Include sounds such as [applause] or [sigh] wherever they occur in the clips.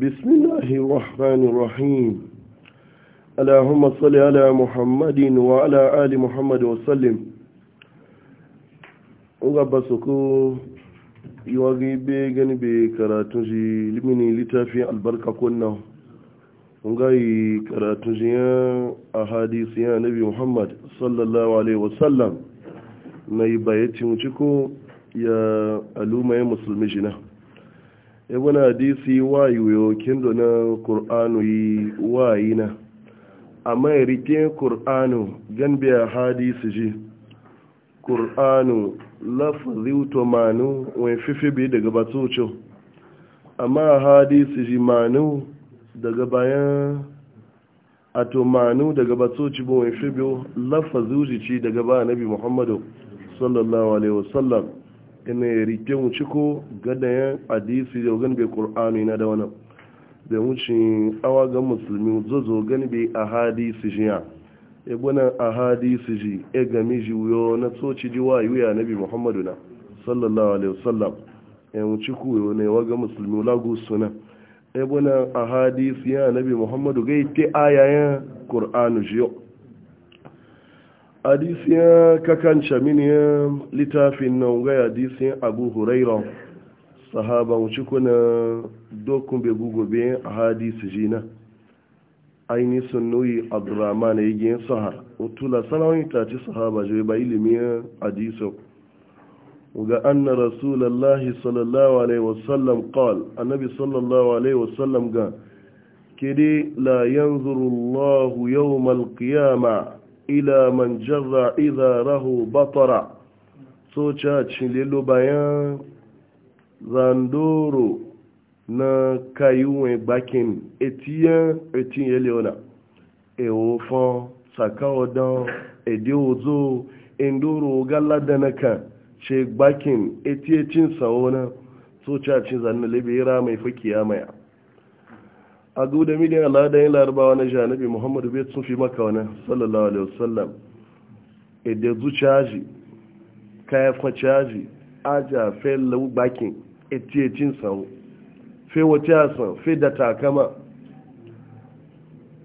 بسم الله الرحمن الرحيم اللهم صل على محمد وعلى آل محمد وسلم ungaba soko iwagi be gani be karatun shi limini littafi albarka kunna ungayi karatun shi ya a hadisi ya nabi muhammad sallallahu alaihi wasallam na yi bayyaci mu ya aluma ya musulmi shi na ibn hadisi wayu yo kindo na qur'anu yi wayina amma rike qur'anu ganbe hadisi ji qur'anu lafzi utomanu wen fifi bi daga batucho amma hadisi ji manu daga bayan atomanu daga batuci bo wen fibi lafzi uji daga ba nabi muhammadu sallallahu alaihi wasallam ina rike mu ciko gada ya hadisi da gan bai qur'ani na da wani da wucin awa ga musulmi zozo gan bai ahadisi ya e bona ahadisi ji e ga mi ji yo na soci ji wa yuya nabi muhammadu na sallallahu alaihi wasallam e mu ku yo ne wa ga musulmi lagu suna e a ahadisi ya nabi muhammadu ga ite ayayen qur'anu jiyo ya kakan shaminiyan littafin nan ga hadisiyan abu huraira Sahaban wuce kuna dokun bai gugobe a hadisi jina aini sun nuyi abdurrahman na yi sahar utula sanawai ta ci sahaba je ba ilimin hadisi ga anna rasulallahi sallallahu alaihi wasallam qal annabi sallallahu alaihi wasallam ga kidi la yanzuru allah yawmal qiyamah إذا ره jarra سوچا batara بيان cacin lelo bayan باكين na kayuwe bakin etiyan etiyan leona ewo fon sakawadan ede ozo endoro galada na kan ce bakin etiyacin saona so cacin zanna libera mai e fakiya maya a guda miliyan aladayin larabawa na janabi muhammadu bai sun fi maka wani sallallahu alaihi wasallam idan zu caji kayan fa caji aja fe lau bakin etiyacin e san fe wata san fe da takama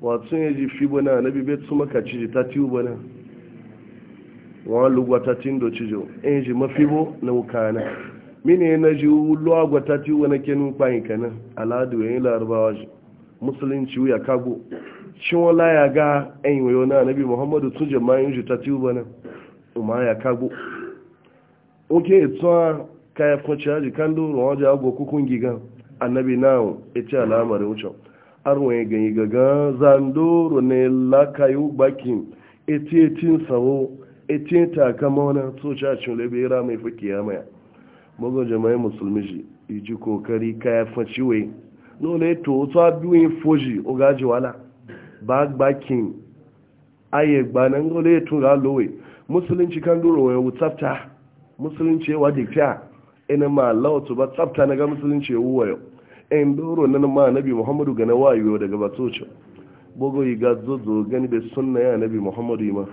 watsun ya ji fi bana nabi bai sun maka ciji ta tiwu bana wani lugwata do cijo in ji mafi bo na wukana mini na ji lugwata tiwu na kenin kwayin kanan aladu yayin larabawa shi musulunci wuya kago cinwala ya ga yan wayo na nabi muhammadu tun jama'in shi ta tiwo na umar ya kago oke etuwa kaya kwanci haji kan doron waje agwa kukun gigan annabi na ita al'amari wucin arwa ya ganyi gaga zandoro ne lakayu bakin etiyetin sawo etiyen takama wani tsocacin labera mai fakiya maya mazo jama'in musulmi ji iji kokari kaya faciwe nole to to abiyoyin foji ogaji wala ba gbakin aye gbanan nole to ga lowe musulunci kan duro wa wu tsafta musulunci wa dikta ina ma Allah to ba tsafta na ga musulunci wuwa yau en duro nan ma nabi muhammadu ga na wayo daga batocho bogo yi ga zozo gani da sunna ya nabi muhammadu ma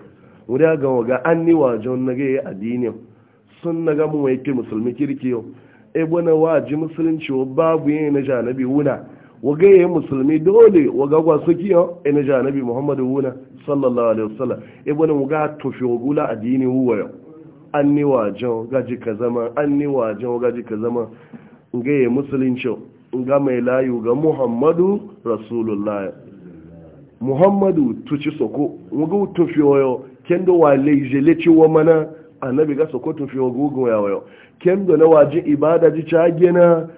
wuri ga ga anni wajon nage addinin sunna ga mu ke musulmi kirki yau ebe na ji musulunci wa babu yin na janabi wuna waga yi musulmi dole waga gwa suki yau ina janabi muhammadu wuna sallallahu alaihi wasallam ebe na waga tufi wagula addini huwa yau an ni wajen gaji ka zama an ni wajen gaji ka zama ga yi musulunci ga mai layu ga muhammadu rasulullah muhammadu tuci soko waga tufi wayo kendo wa leijele ciwo mana annabi ga sokoto fi wa gugun yawayo kendo na waje ibada ji cage na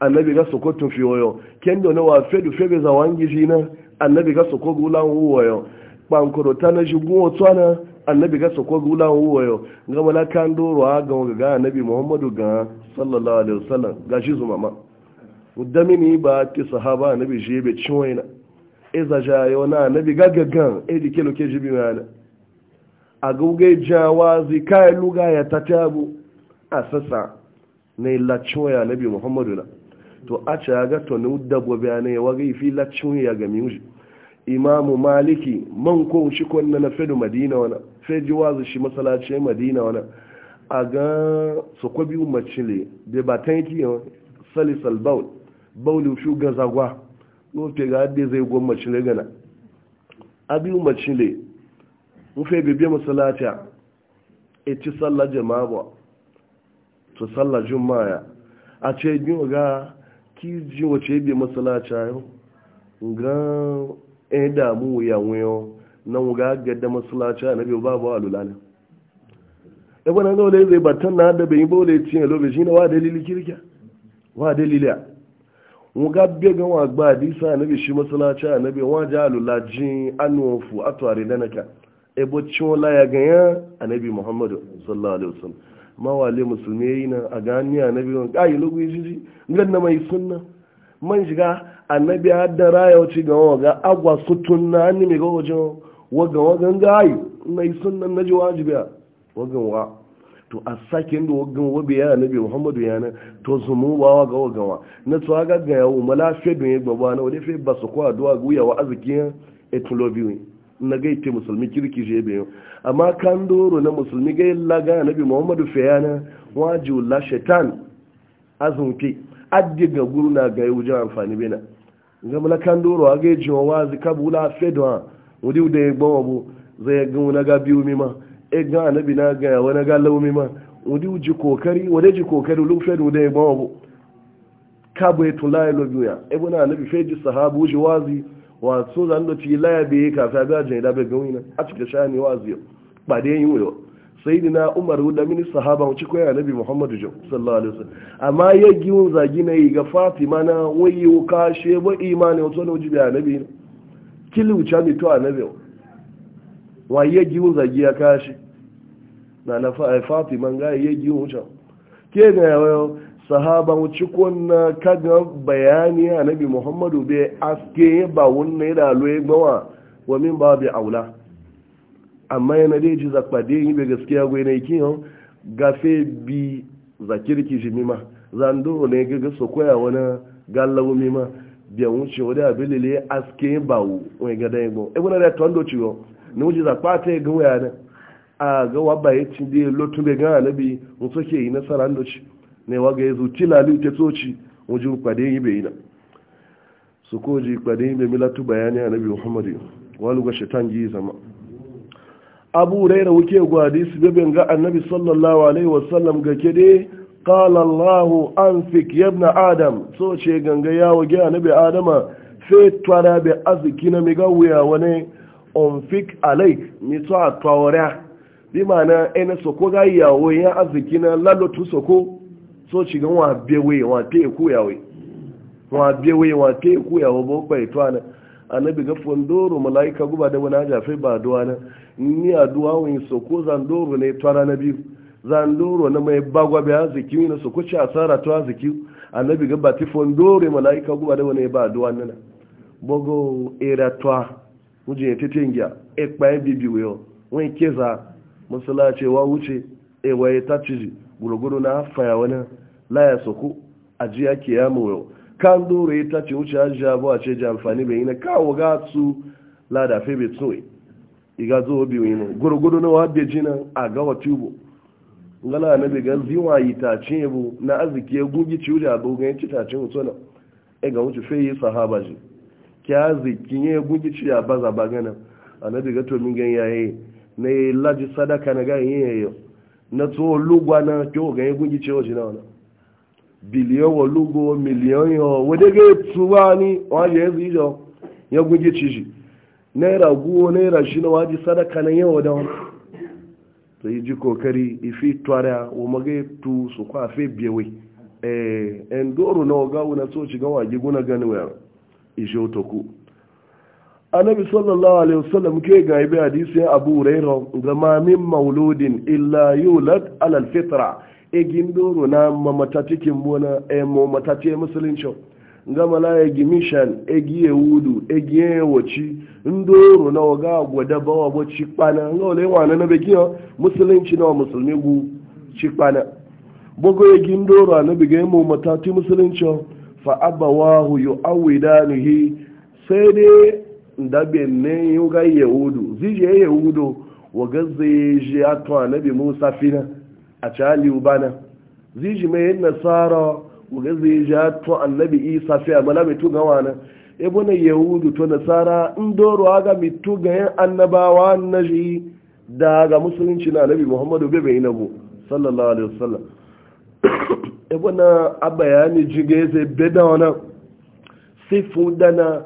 annabi ga sokoto fi wayo kendo na wa fedu febe za wangi shi na annabi ga soko gulan wuwayo bankoro ta na shi guwa tsana annabi ga soko gulan wuwayo ga mala kan doro a ga ga annabi muhammadu ga sallallahu alaihi wasallam ga shi zuma ma muddamini ba ti sahaba annabi shi be ciwaina iza na annabi ga gaggan e dike loke mana a gugai jawazi kayan luga ya ta tabu a sassa na yi na biyu muhammadu na to a ce ya ga tonu dabbobi ne ya wari fi lacewa waya ga wuce imamu maliki man ko shi kwanne na fedu madina wana feji wazi shi masalace madina wana a ga sokwa biyu macile da ba ta yi salisal baul baulu shi gazagwa lofe ga haɗe zai gwamma cile gana A biyu macile mufe bibiya musulata e ci salla jama'a ba to sallar juma'a a ce biyu ga ki ji wace bi musulata yau ga e damu ya wuyo nan ga gadda musulata na biyu babu alulala e bana ga wale zai batan na da bai bole ci ne lobe shine wa dalili kirkiya wa dalila wuga bia ga wa gba disa na bi shi musulata na bi wa jalulaji anwofu atware danaka ebo chola ya ganya annabi muhammadu sallallahu alaihi wasallam mawale musulmi yayi na a gani annabi wani yi lugu jiji ngan na mai sunna man shiga annabi hadda ya wuce ga waga agwa sutunna ni mi ga wajen waga wagan na yi sunna na ji wajibiya wagan wa to a sakin da wagan wabe ya annabi muhammadu ya na to zumu ba waga wagan wa na to aga ga ya yawo malafiya don ya gbaba na wade fe ba su kwa duwa guya wa ya azikin etulobiwi na gaita musulmi kirki je bayan amma kan doro na musulmi gai laga bi muhammadu fayana waju wula shaitan azunke adi ga guruna ga wujen amfani bena ga mala kan doro a ga wa wazi kabula fedwa wudi da ya gbawa bu zai ga wani ga biyu mima e ga anabi na ga wani ga lau mima wudi ji kokari wadai ji kokari lu fedu da ya gbawa bu kabu ya ya lobiya ebe na anabi feji sahabu ji wazi wato zan da ci laya be ka fa ga jin da be gani na a cikin shani wazi ba da yin wayo sayyidina umar da mini sahaba mu ci ko ya nabi muhammadu jo sallallahu alaihi wasallam amma ya giwun zagi na yi ga fatima na wayi ka she ba imani wato ne uji ya nabi kili ucha mi to anabi wa ya giwun zagi ya kashi na na eh, fatima ga ya giwun ucha ke ga wayo sahaba wuce kwanna kaga bayani a nabi muhammadu bai aske ba wannan yana loye gbawa wa min ba bai aula amma yana dai ji zakpade yi bai gaskiya gwai na iki yau gafe bi zakirki ji mima zando ne gaga su koya wani gallawo mima biyan wuce wani abilile aske ba wani ya yi gbawa ebe na da tondo ciwo na wuce zakpata ya gawa yana a gawa ba ya ci dai lotu bai gana nabi mutu ke yi nasara ndoci ne waga ya zuci lali ta tsoci wajen kwade yi bai na su koji kwade yi bai milatu bayani a nabi muhammadu wani ga shaitan ji zama abu raira wuke gwadi su bebe ga annabi sallallahu alaihi wasallam ga kede kalallahu an anfik ya adam so ce ganga yawo ga annabi adama sai twara be aziki na mi gawuya wani onfik alaik mi to atwara bi mana ene soko ga yawo ya aziki na lalotu soko so ci gan wa bewe wa te ku yawe wa bewe wa te ku yawo bo bai to ana annabi ga fondoro malaika guba da wani jafe ba duwa na ni a duwa wani soko zandoro ne to na biyu zandoro na mai bagwa bai arziki ne soko ci asara to arziki annabi ga bati fondoro malaika guba da wani ba duwa na bogo era to muje tetengia ekpa bibi weyo wani keza musulace wa wuce ewaye ta ciji gburugburu na fayawa na la ya soku a ji ya ke yamu yau kan doro ya ta ce wuce ya ji abu a ce ji amfani bai yi na kawo ga su ladafe bai tsoye iga zo bi wani gurgudu na wadda jina a gawa tubo ngala na bi gan ziwa yi ta ce bu na arziki ya gugi ci wuce abu gan ci ta ce wuce na e ga wuce fe yi sahaba ji ki arziki ya gugi ci ya baza ba gana a na bi ga to min gan yaye na yi laji sadaka na gan yi yayo na tso lugwa na kyau gan ya gugi ci wuce na wani biliyan wa lugo miliyan yo wadda ga tuwa ni wajen yanzu ijo ya gunje ciji naira guwo naira shi na waje sadaka na yawa da wani to yi ji kokari ifi twara wa maga tu su kwafe biyewe eh en doro na waga wuna so ci ga waje guna gani wa ijo to ku annabi sallallahu alaihi wasallam ke ga ibe hadisi abu hurairah ga ma min mauludin illa yulad ala alfitra egin doro na mamata cikin bona emo eh, matati musulunci nga mala egi mishan egi ewudu egi ewochi ndoro na oga gwada bawa bo chikpana nga ole wana na begiyo musulunci na musulmi gu chikpana bogo egi ndoro anabiga emo matati musulunci fa abawahu yu'awidanihi sai dai ndabe ne yuga yahudu zije yahudu wa gazze je atwa nabi musa fina a cali ubana ziji mai yin nasara ga ya to annabi isa fi mana mai tuga na? ebo na yahudu to nasara in doro aga mai tuga yin annabawa na shi ga musulunci na annabi muhammadu bebe inabu sallallahu alaihi wasallam [coughs] ebo na abayani jige zai beda wani sifu dana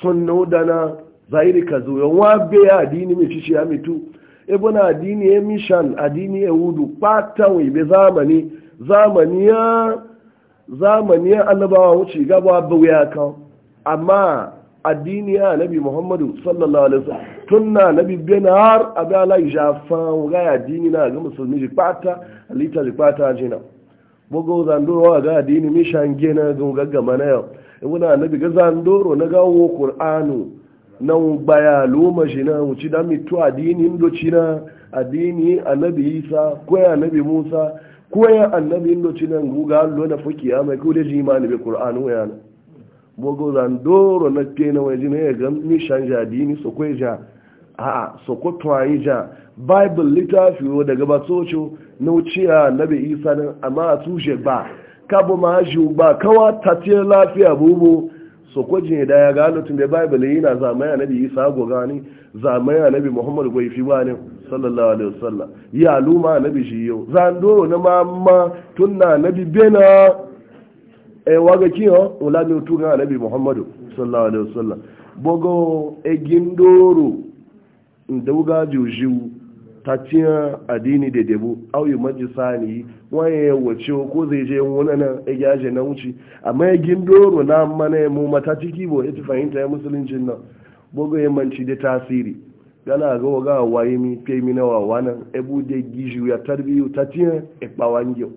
sunnu dana zahiri kazu zo yawan wa be ya adini mai cici ya mitu ebona adini ya e mishan adini ya e wudu patan ibe zamani zamani ya zamani ya annabawa wuce gaba bauya kan amma addini ya nabi muhammadu sallallahu alaihi wasallam tunna nabi bin har abi ala jafa ga addini na ga musulmi ji pata alita ji pata jina bogo zandoro ga addini mishan gena ga gaggama na yau ebona nabi ga zandoro na gawo qur'anu nan gbaya loma shi na wuci da mitu adini indoci na adini annabi isa koya annabi musa koya annabi indoci na guga allo na fuki ya mai kudu ji imani bai kur'an waya na bogo zandoro na ke na waje na ya gan mi shanja adini so koya ja a so ko tuwayi ja bible littafi daga ba soco na ya annabi isa nan amma a tushe ba kabo ma ji ba kawa tatiyar lafiya bubu so ko jin da ya gano tun da bible yana ya nabi isa go gani ya nabi muhammad go fi bani sallallahu alaihi wasallam ya luma nabi shi yau zan do na mamma na nabi bena e eh, waga kiyo ula mi na nabi muhammad sallallahu alaihi wasallam bogo e gindoro ndauga jujiu ta addini da debu auyi majisa ne waye ya wace ko zai je wani nan ya gyaje na wuce amma ya gindoro na mana ya mu mata ciki bo ya fahimta ya musuluncin nan bugu ya manci da tasiri gana ga waga waye mi kai mi na wawa nan ebu da giju ya tarbiyu ta ciya ikpawangiyo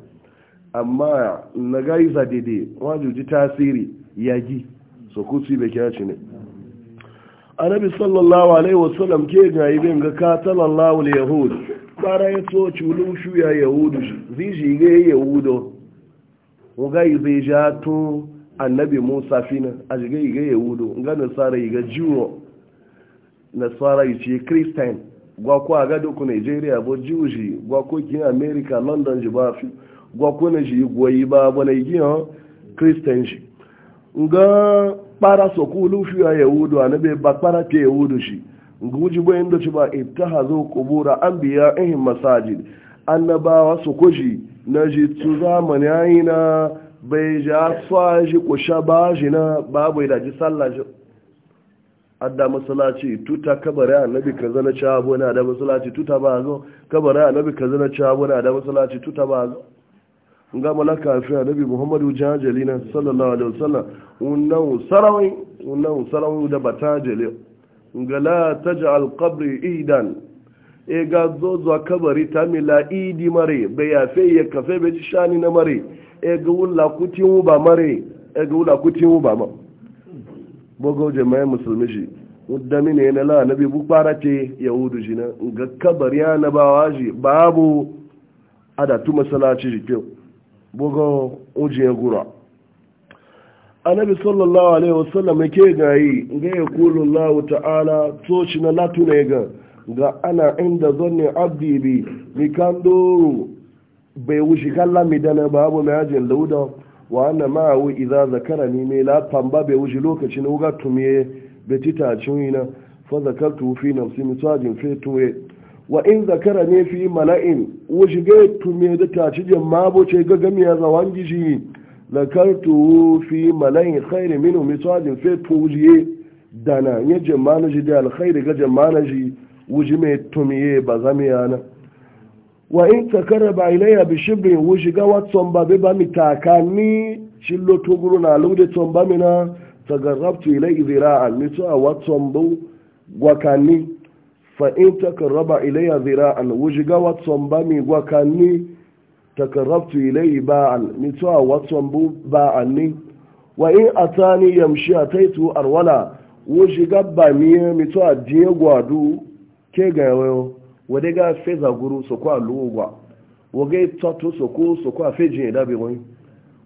amma na gaisa daidai wajuji tasiri ya gi so kusi bai kira ne annabi sallallahu alaihi wasallam ke gayi bin ga katalallahu al yahud bara ya so chulu shu ya yahudu ziji ga yahudo wa ga zai ja to annabi musa fina a ga ga yahudo ga nasara ga jiwo nasara yi christian gwa ko aga doku nigeria bo jiwo shi ko kin america london ji ba fi gwa na ji goyi ba bo na ji christian kpara sokulu ya yahudu nabe ba kpara ke yahudu shi guji bo inda ci ba kubura an biya ihin masajid annabawa su kushi na ji tu zamani na bai ja shi ko shi na babu da ji sallah ji adda masalaci tuta kabara annabi ka na ci abu na da masalaci tuta ba zo kabara annabi ka na ci abu na da masalaci tuta ba zo nga malaka a nabi muhammadu jajali na sallallahu alaihi wasallam unnan sarawai unnan sarawai da batajali nga la ji alkabri idan e ga zozo kabari ta mila idi mare bai ya fe ya kafe bai shani na mare e ga wula kutin wuba mare e ga wula kutin wuba ma bogo jama'a musulmi shi wadda ne na la nabi bu ce yahudu shi na ga kabari ya na bawa shi babu tu masalaci shi bugo ujiye gura annabi sallallahu alaihi wasallam yake gayi ga ya kulu Allah ta'ala to shi na latu ne ga ga ana inda zanni abdi bi mi kan doro bai wuce kalla mi dana babu mai ajin lauda wa anna ma hu idza zakarani me la pamba bai wuce lokacin uga tumiye betita cinina fa zakartu fi nafsi misajin fetuwe wa in zakara ne fi mala'in wuce ga tumi da taci jama boce ga gamiya zawan gishi zakartu fi mala'in khairi minu misalin fe tujiye dana ya jama na ji da alkhairi ga jama na ji wuce mai tumi ba zamiya na wa in zakara ba ilayya bi shibri wuce ga watson ba bai ba mi takani lotu guru na lude tsomba mina tagarrabtu ilai zira'an mitu a watson bu gwakani fa'in takarraba ilayya zira'an wujiga watson ba mi gwakanni takarrabtu ilayyi ba'an mituwa watson bu ba'an ni wa in atani yamshi a taitu arwala wujiga ba mi mituwa diye gwadu ke ga yawayo wadai ga feza guru su kwa luwa wagai tattu su ko su kwa fejin ya dabi wani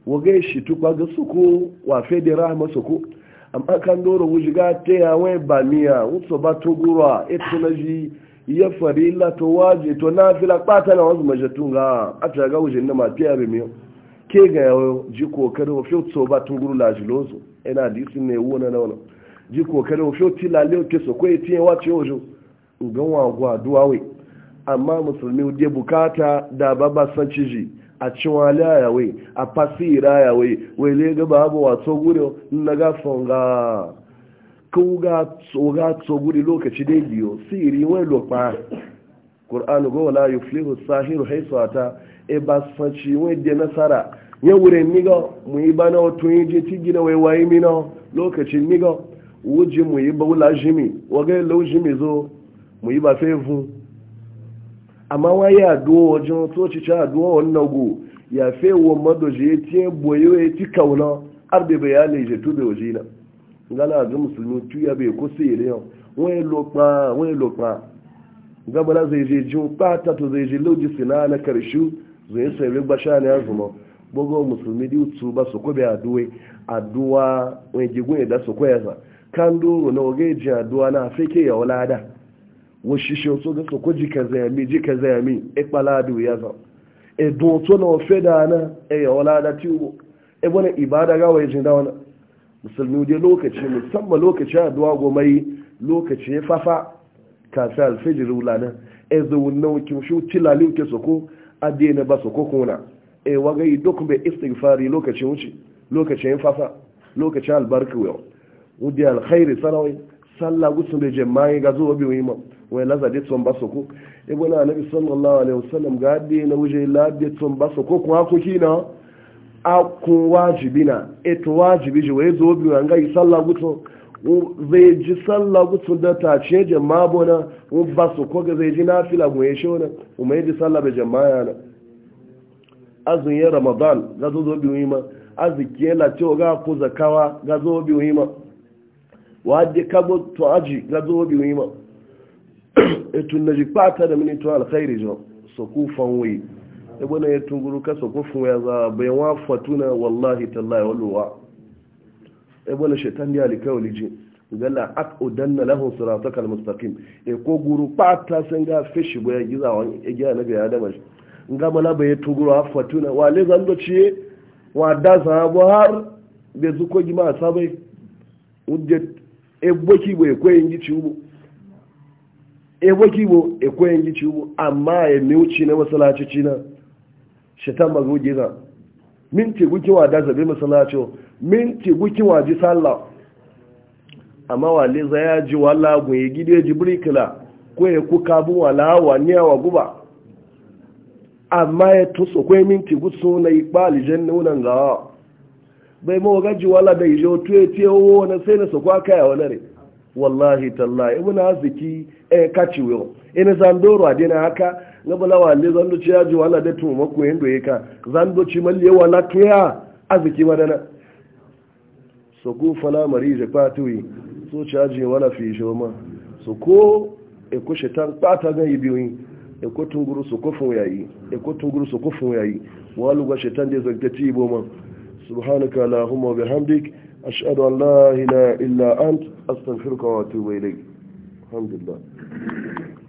wagai shi tukwa ga su wa fe da rahama su amma kan doro wujiga ta ya wai ba miya wutso ba to gura ito na ji ya fari to waje to na fila kpata na wasu majatun ga a ta ga wujin na mafi ya bimiyo ke ga yawo ji kokari wa fiye tso ba tun guru lajilozo ina da isi ne wuna na wani ji kokari wa fiyo tila leo ke so kwaye tiye wace wajo ugan wa gwa wai amma musulmi de bukata da babba san ciji a ciwale yawe a fasira yawe wele ga babu wato guri na gafon ga kuga tsoguri lokaci dai biyo siri wai lokpa ƙur'anu ga wala yuflihu sahiru haisu ata e ba sanci wai nasara ye wure niga mu yi bana otu iji je ti gina wai wayi mina lokacin niga wuji mu yi ba wula jimi waga yi jimi zo mu yi ba amma wa ya duwa wajen toci ta duwa wannan go ya fe wa madoji ya tiye boye ya ti kauna da bayani je tube waje na a ga musulmi tuya bai ko yi ile yau wani lokpa wani lokpa gabana zai je jin pata to zai je loji sina na karshu zai sai rigba shani azuma bogo musulmi di utu ba su ko be aduwe aduwa wani jigun da su ko yasa kan duru na oge ji aduwa na afeke ya wala da wòṣìṣẹ́ tó gẹ́sọ̀ kó jí kẹzẹ̀ mi jí kẹzẹ̀ mi ẹpàládù yàzọ̀ ẹ̀dùn tó náà fẹ́ dáadáa ẹ̀yà ọ̀láadá tí ó wọ́n ìbáadá gáwà ẹ̀jìn musulmi musamman fafa duk lokacin albarka Udi alkhairi sallah gusun da jama'i ga zuwa biyu imam wai laza de tson baso ko e bona annabi sallallahu alaihi wasallam ga de na wuje la de tson baso ko ko hako kina a ko wajibina e to wajibi je wai zo biwa ngai sallah guto zai ji sallah guto da ta ce jama'a bona un baso ko ga zai ji nafila mu ye shona umma ji sallah be jama'a na azun ye ramadan ga zo zo biwa ma azike la ce ga ko zakawa ga zo biwa ma wa de kago to aji ga zo biwa ma etun na jikpata da mini tuwa alkhairi jo so ku fanwe ebo na etun guru ka so ku fanwe za bayan wa fatuna wallahi tallahi walwa ebo na shaitan ya alkawli ji gala aqudanna lahum siratakal mustaqim e ko guru pata sun ga fishi boya giza wani e ga na ga adama nga mala baye tuguru wa fatuna wa le zando ciye wa da sahabo har be zuko gima sabai udde e boki boye ko yin ji ciwo ebo kibo ekwen gici ugbo amma ya mewuci na masalacici na shaitan mazu gina minti gukin wa da zabe masalacin minti gukin wa ji sallah amma wa le ya ji wala gun ya gide ji birkila ko ya kuka bu wala wa ne wa guba amma ya tuso ko minti gutsu na ipa alijan nunan ga bai mawa gaji wala da ijo tuye tiye wo na sai na sakwa kaya wala ne wallahi tallahi ibn aziki e kachi wo ina zandoro adina haka ngabala wale zando ci yaji wala da tuma ko yendo yeka zando ci malle wala kiya aziki madana so ku fala marije patui so ci yaji wala fi joma so ko e ko shetan pata ga yibiwi e ko tunguru so ko fun yayi e ko tunguru so ko fun yayi walu ga shetan de zakati boma subhanaka allahumma wa bihamdika أشهد أن لا إله إلا أنت أستغفرك وأتوب إليك الحمد لله